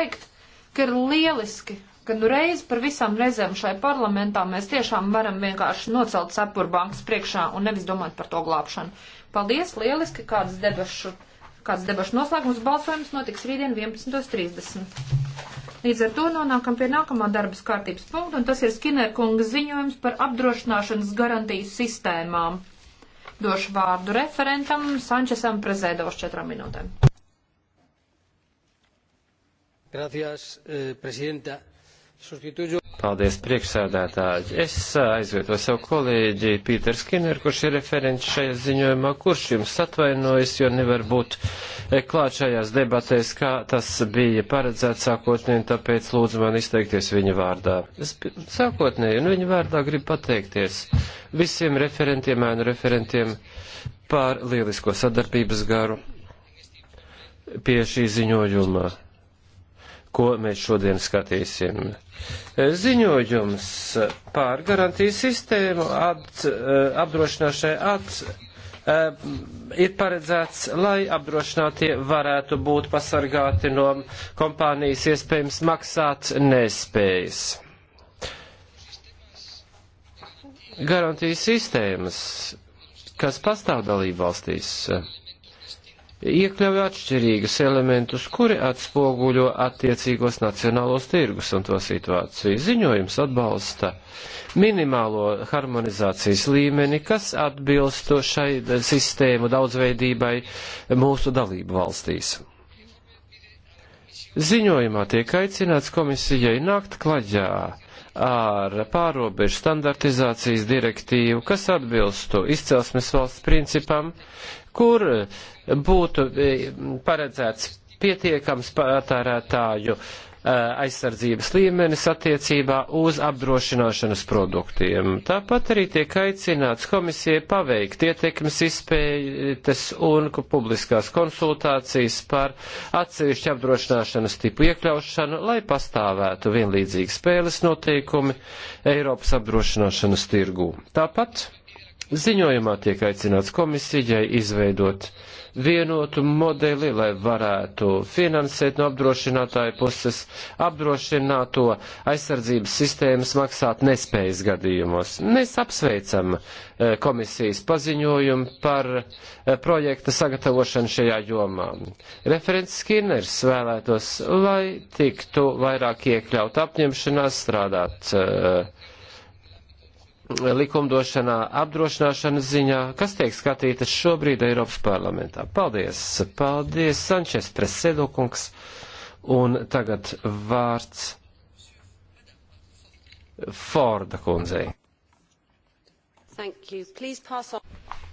teikt, ka ir lieliski, ka nu reiz par visām reizēm šai parlamentā mēs tiešām varam vienkārši nocelt sapurbankas priekšā un nevis domāt par to glābšanu. Paldies, lieliski, kāds debašu, kāds debašu noslēgums balsojums notiks rītdien 11.30. Līdz ar to nonākam pie nākamā darbas kārtības punkta, un tas ir Skinērkunga ziņojums par apdrošināšanas garantiju sistēmām. Došu vārdu referentam Sančesam Prezēdovs četrām minūtēm. Gracias, eh, presidenta. Sustituju. Paldies, priekšsēdētāji. Es eh, aizvietoju savu kolēģi Pīteru Skinneru, kurš ir referents šajā ziņojumā, kurš jums atvainojas, jo nevar būt eh, klāt šajās debatēs, kā tas bija paredzēts sākotnēji, tāpēc lūdzu man izteikties viņa vārdā. Es sākotnēji un viņa vārdā gribu pateikties visiem referentiem, ēnu referentiem par lielisko sadarbības garu pie šī ziņojuma ko mēs šodien skatīsim. Ziņojums pār garantiju sistēmu at, eh, apdrošināšai at, eh, ir paredzēts, lai apdrošinātie varētu būt pasargāti no kompānijas iespējams maksāt nespējas. Garantijas sistēmas, kas pastāv dalību valstīs, iekļauj atšķirīgas elementus, kuri atspoguļo attiecīgos nacionālos tirgus un to situāciju. Ziņojums atbalsta minimālo harmonizācijas līmeni, kas atbilst šai sistēmu daudzveidībai mūsu dalību valstīs. Ziņojumā tiek aicināts komisijai nākt klaģā ar pārobežu standartizācijas direktīvu, kas atbilstu izcelsmes valsts principam, kur būtu eh, paredzēts pietiekams patērētāju uh, Uh, aizsardzības līmenis attiecībā uz apdrošināšanas produktiem. Tāpat arī tiek aicināts komisijai paveikt ietekmes izpētes un publiskās konsultācijas par atsevišķu apdrošināšanas tipu iekļaušanu, lai pastāvētu vienlīdzīgi spēles noteikumi Eiropas apdrošināšanas tirgū. Tāpat Ziņojumā tiek aicināts komisijai izveidot vienotu modeli, lai varētu finansēt no apdrošinātāja puses apdrošināto aizsardzības sistēmas maksāt nespējas gadījumos. Mēs apsveicam eh, komisijas paziņojumu par eh, projekta sagatavošanu šajā jomā. Referents Skinners vēlētos, lai tiktu vairāk iekļaut apņemšanās strādāt uh, likumdošanā, apdrošināšanas ziņā, kas tiek skatītas šobrīd Eiropas parlamentā. Paldies! Paldies, Sančes Presedokungs! Un tagad vārds Forda kundzei.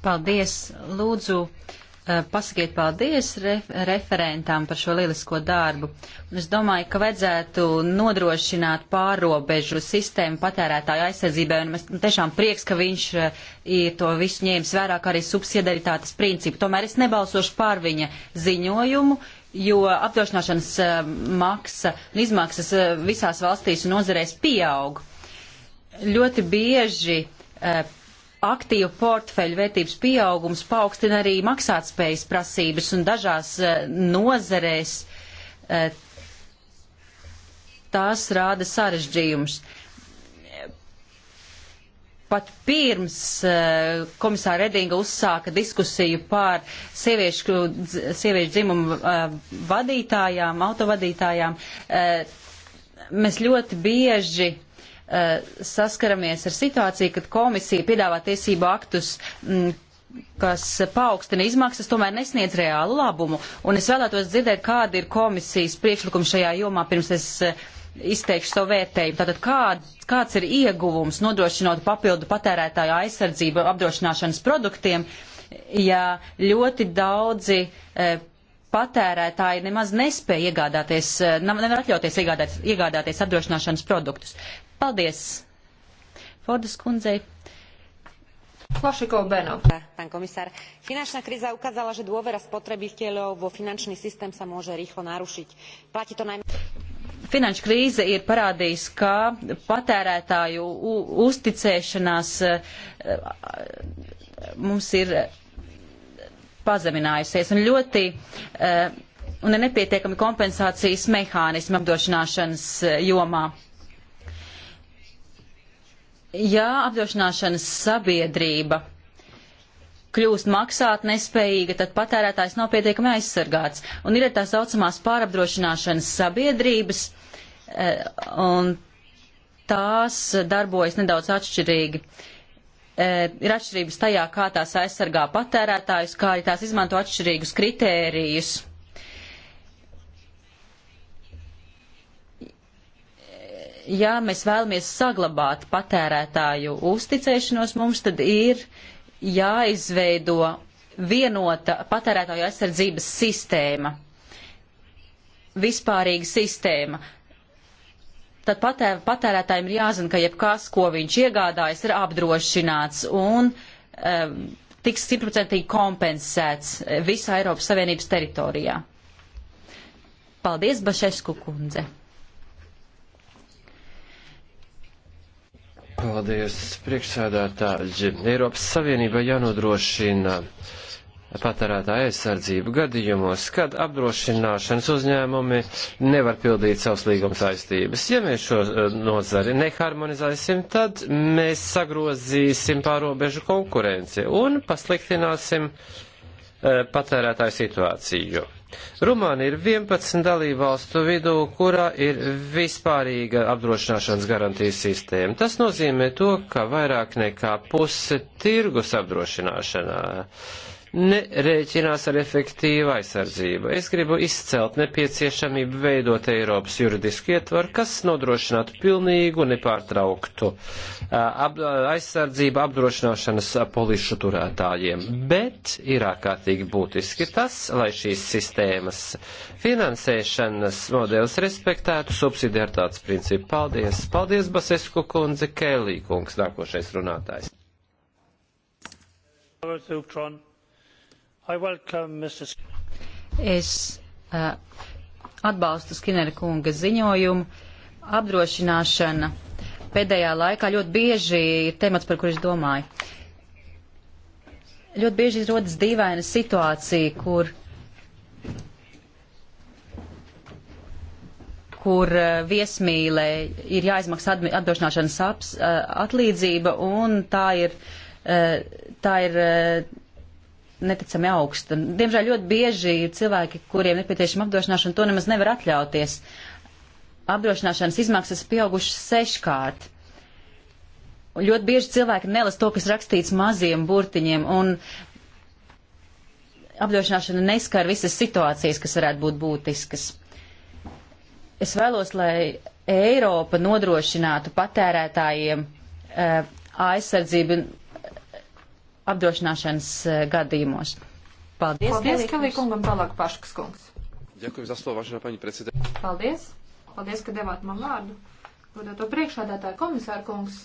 Paldies! Lūdzu, uh, Eh, pasakiet paldies ref referentām par šo lielisko darbu. Es domāju, ka vajadzētu nodrošināt pārobežu sistēmu patērētāju aizsardzībai, un mēs nu, tiešām prieks, ka viņš eh, ir to visu ņēmis vērāk arī subsidiaritātes principu. Tomēr es nebalsošu pār viņa ziņojumu, jo apdrošināšanas eh, maksa un izmaksas visās valstīs un nozarēs pieaug. Ļoti bieži aktīvu portfeļu vērtības pieaugums paaugstina arī maksātspējas prasības un dažās eh, nozerēs eh, tās rāda sarežģījumus. Pat pirms eh, komisāra Redinga uzsāka diskusiju par sieviešu, sieviešu dzimumu vadītājām, autovadītājām, mēs ļoti bieži Eh, saskaramies ar situāciju, kad komisija piedāvā tiesību aktus, m, mm, kas paaugstina izmaksas, tomēr nesniedz reālu labumu. Un es vēlētos dzirdēt, kāda ir komisijas priekšlikuma šajā jomā, pirms es eh, izteikšu savu vērtējumu. Tātad kād, kāds ir ieguvums nodrošinot papildu patērētāju aizsardzību apdrošināšanas produktiem, ja ļoti daudzi e, patērētāji nemaz nespēja iegādāties, nevar atļauties iegādāt, iegādāties apdrošināšanas produktus. Paldies! Fordas kundzei. Flašikov Benov. Pán komisár, finančná kríza ukázala, že dôvera spotrebiteľov vo finančný systém sa môže rýchlo narušiť. Platí to najmä finanšu krīze ir parādījusi, ka patērētāju uzticēšanās e, mums ir pazeminājusies un ļoti e, un ir nepietiekami kompensācijas mehānismi apdrošināšanas e, jomā ja apdrošināšanas sabiedrība kļūst maksāt nespējīga, tad patērētājs nav pietiekami aizsargāts. Un ir tā saucamās pārapdrošināšanas sabiedrības, e, un tās darbojas nedaudz atšķirīgi. E, ir atšķirības tajā, kā tās aizsargā patērētājus, kā arī tās izmanto atšķirīgus kritērijus ja mēs vēlamies saglabāt patērētāju uzticēšanos mums, tad ir jāizveido vienota patērētāju aizsardzības sistēma, vispārīga sistēma. Tad patēr, patērētājiem ir jāzina, ka jebkas, ko viņš iegādājas, ir apdrošināts un um, tiks simtprocentīgi kompensēts visā Eiropas Savienības teritorijā. Paldies, Bašesku kundze! Paldies, priekšsēdētāji. Eiropas Savienība jānodrošina patērētā aizsardzību gadījumos, kad apdrošināšanas uzņēmumi nevar pildīt savus līguma saistības. Ja mēs šo e, nozari neharmonizēsim, tad mēs sagrozīsim pārobežu konkurenci un pasliktināsim uh, Eh, patērētāju situāciju. Rumānija ir 11 dalībvalstu vidū, kurā ir vispārīga apdrošināšanas garantijas sistēma. Tas nozīmē to, ka vairāk nekā puse tirgus apdrošināšanā uh, nerēķinās ar efektīvu aizsardzību. Es gribu izcelt nepieciešamību veidot Eiropas juridisku ietvaru, kas nodrošinātu pilnīgu, nepārtrauktu ab, aizsardzību apdrošināšanas polišu turētājiem. Bet ir ārkārtīgi būtiski tas, lai šīs sistēmas finansēšanas modelis respektētu subsidiartāts principu. Paldies! Paldies, Basesku kundze, Kēlī kungs, nākošais runātājs. Thank you. Es uh, atbalstu Skinera kunga ziņojumu. Apdrošināšana pēdējā laikā ļoti bieži ir temats, par kur es domāju. Ļoti bieži rodas dīvaina situācija, kur kur uh, viesmīlē ir jāizmaksā apdrošināšanas aps, uh, atlīdzība, un tā ir, uh, tā ir neticami augsta. Diemžēl ļoti bieži ir cilvēki, kuriem nepieciešama apdrošināšana, to nemaz nevar atļauties. Apdrošināšanas izmaksas pieaugušas seškārt. Ļoti bieži cilvēki nelas to, kas rakstīts maziem burtiņiem, un apdrošināšana neskar visas situācijas, kas varētu būt būtiskas. Es vēlos, lai Eiropa nodrošinātu patērētājiem e, aizsardzību apdrošināšanas e, gadījumos. Paldies, Paldies Kalī kungam, tālāk Paškas kungs. Ďakujem za slovo, vážená pani predsedajúca. Paldies. Paldies, ka devāt man vārdu. Godāto priekšādātāju komisāru kungs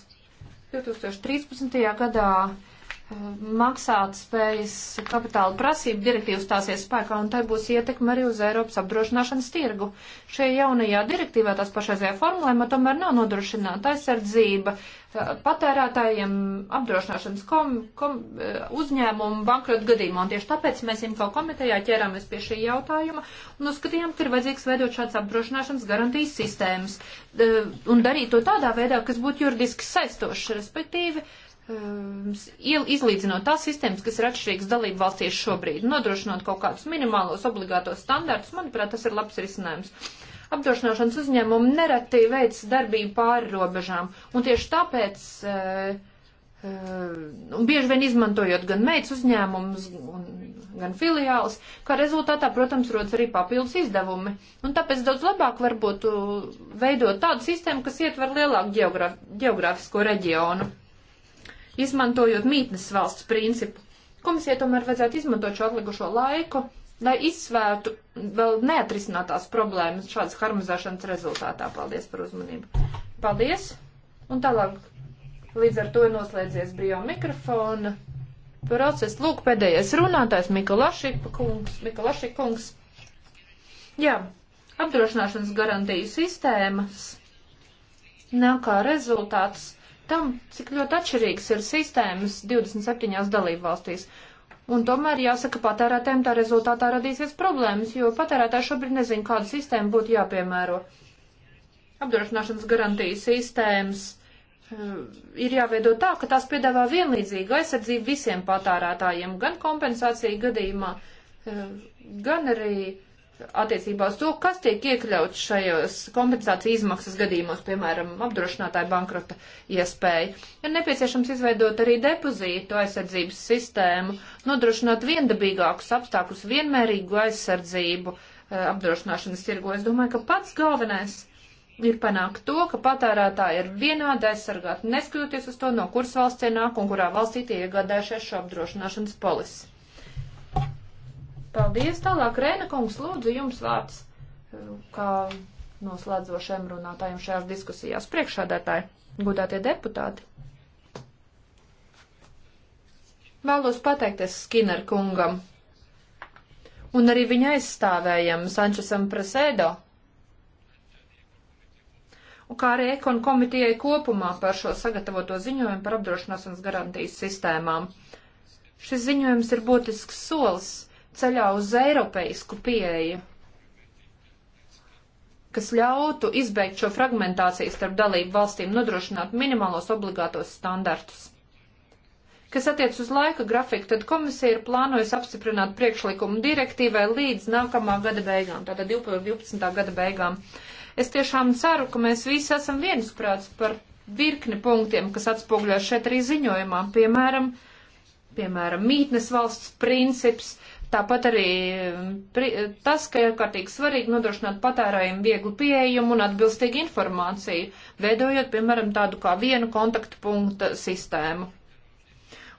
2013. gadā maksātspējas kapitāla prasība direktīva stāsies spēkā, un tai būs ietekme arī uz Eiropas apdrošināšanas tirgu. Šajā jaunajā direktīvā, tās pašreizējā formulējumā, tomēr nav nodrošināta aizsardzība eh, patērētājiem, apdrošināšanas kom, kom, eh, uzņēmumu bankrotu gadījumā. Un tieši tāpēc mēs jau komitejā ķērāmies pie šī jautājuma un uzskatījām, ka ir vajadzīgs veidot šāds apdrošināšanas garantijas sistēmas eh, un darīt to tādā veidā, kas būtu juridiski saistošs, respektīvi Ehm, izlīdzinot tās sistēmas, kas ir atšķirīgas dalību valstīs šobrīd, nodrošinot kaut kādus minimālos obligātos standartus, manuprāt, tas ir labs risinājums. Apdrošināšanas uzņēmumi nereti veic darbību pāri robežām, un tieši tāpēc uh, un bieži vien izmantojot gan meitas uzņēmumus, gan filiālus, kā rezultātā, protams, rodas arī papildus izdevumi. Un tāpēc daudz labāk varbūt veidot tādu sistēmu, kas ietver lielāku geogrāfisko reģionu izmantojot mītnes valsts principu. Komisija tomēr vajadzētu izmantot šo atlikušo laiku, lai izsvērtu vēl neatrisinātās problēmas šādas harmonizēšanas rezultātā. Paldies par uzmanību. Paldies! Un tālāk līdz ar to ir noslēdzies brīvā mikrofona process. Lūk, pēdējais runātājs Mikolašika kungs. Mikolašika kungs. Jā, apdrošināšanas garantiju sistēmas nāk kā rezultāts tam, cik ļoti atšķirīgas ir sistēmas 27 dalībvalstīs. Un tomēr jāsaka, patērētēm tā rezultātā radīsies problēmas, jo patērētāji šobrīd nezin, kādu sistēmu būtu jāpiemēro. Apdrošināšanas garantijas sistēmas eh, ir jāveido tā, ka tās piedāvā vienlīdzīgu aizsardzību visiem patērētājiem, gan kompensāciju gadījumā, eh, gan arī uh, attiecībā uz to, kas tiek iekļauts šajos kompensācijas izmaksas gadījumos, piemēram, apdrošinātāja bankrota iespēja. Ir nepieciešams izveidot arī depozītu aizsardzības sistēmu, nodrošinot viendabīgākus apstākļus, vienmērīgu aizsardzību eh, apdrošināšanas tirgu. Es domāju, ka pats galvenais ir panākt to, ka patērētāji ir vienādi aizsargāti, neskatoties uz to, no kuras valsts ienāk un kurā valstī tie iegādājušies šo apdrošināšanas polisi. Paldies. Tālāk, Rēna kungs, lūdzu jums vārds eh, kā noslēdzošiem runātājiem šajās diskusijās. Priekšādētāji, gudātie deputāti. Vēlos pateikties Skinner kungam un arī viņa aizstāvējam Sančesam Prasēdo, un kā arī ekon komitijai kopumā par šo sagatavoto ziņojumu par apdrošināšanas garantijas sistēmām. Šis ziņojums ir būtisks solis ceļā uz eiropeisku pieeju, kas ļautu izbeigt šo fragmentāciju starp dalību valstīm, nodrošināt minimālos obligātos standartus. Kas attiec uz laika grafiku, tad komisija ir plānojusi apstiprināt priekšlikumu direktīvai līdz nākamā gada beigām, tātad 12. gada beigām. Es tiešām ceru, ka mēs visi esam viensprāts par virkni punktiem, kas atspoguļojas šeit arī ziņojumā, piemēram, piemēram, mītnes valsts princips, uh, Tāpat arī mm, tas, ka ir kārtīgi svarīgi nodrošināt patērējiem vieglu pieejumu un atbilstīgu informāciju, veidojot, piemēram, tādu kā vienu kontaktu punktu sistēmu.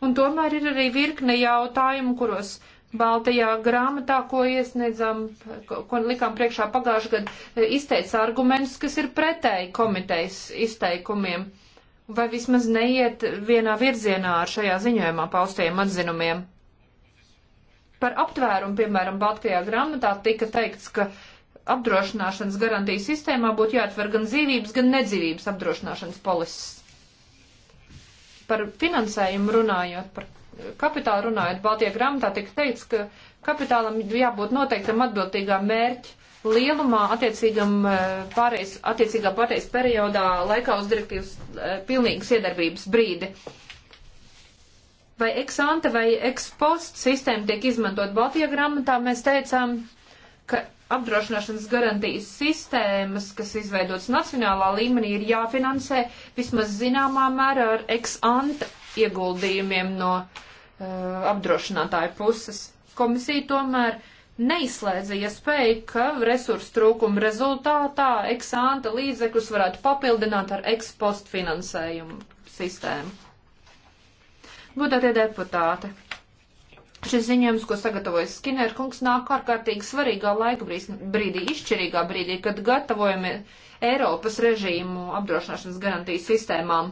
Un tomēr ir arī virkne jautājumu, kuros Baltajā grāmatā, ko iesniedzām, ko, ko likām priekšā pagājušajā gadā, izteica argumentus, kas ir pretēji komitejas izteikumiem, vai vismaz neiet vienā virzienā ar šajā ziņojumā paustajiem atzinumiem. Par aptvērumu, piemēram, Baltkrievā grāmatā tika teikts, ka apdrošināšanas garantijas sistēmā būtu jāatver gan dzīvības, gan nedzīvības apdrošināšanas polises. Par finansējumu runājot, par kapitālu runājot, Baltijā grāmatā tika teikts, ka kapitālam jābūt noteiktam atbildīgām mērķi lielumā attiecīgam eh, pārējais, attiecīgā pārējais periodā laikā uz direktīvas eh, pilnīgas iedarbības brīdi. Uh, vai eksante vai ekspost sistēma tiek izmantot Baltijā grāmatā, mēs teicām, ka apdrošināšanas garantijas sistēmas, kas izveidotas nacionālā līmenī, ir jāfinansē vismaz zināmā mērā ar eksante ieguldījumiem no uh, apdrošinātāju puses. Komisija tomēr neizslēdza iespēju, ka resursu trūkuma rezultātā eksanta līdzekļus varētu papildināt ar ekspost finansējumu sistēmu. Godātie deputāti, šis ziņojums, ko sagatavojas Skinner kungs, nāk ārkārtīgi svarīgā laika brīdī, izšķirīgā brīdī, kad gatavojamies Eiropas režīmu apdrošināšanas garantijas sistēmām.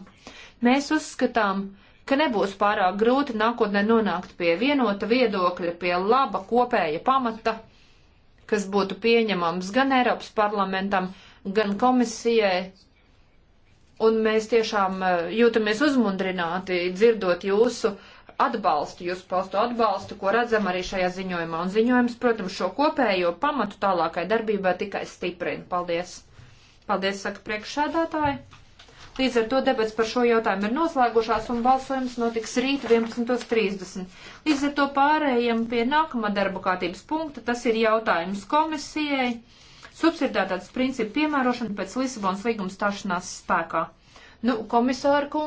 Mēs uzskatām, ka nebūs pārāk grūti nākotnē nonākt pie vienota viedokļa, pie laba kopēja pamata, kas būtu pieņemams gan Eiropas parlamentam, gan komisijai, Un mēs tiešām eh, jūtamies uzmundrināti dzirdot jūsu atbalstu, jūsu paustu atbalstu, ko redzam arī šajā ziņojumā. Un ziņojums, protams, šo kopējo pamatu tālākai darbībai tikai stiprina. Paldies! Paldies, saka priekšsēdētāji! Līdz ar to debats par šo jautājumu ir noslēgušās un balsojums notiks rīt 11.30. Līdz ar to pārējiem pie nākamā darba kārtības punkta, tas ir jautājums komisijai subsidētātas principu piemērošanu pēc Lisabonas līguma stāšanās spēkā. Nu, komisāra kungs.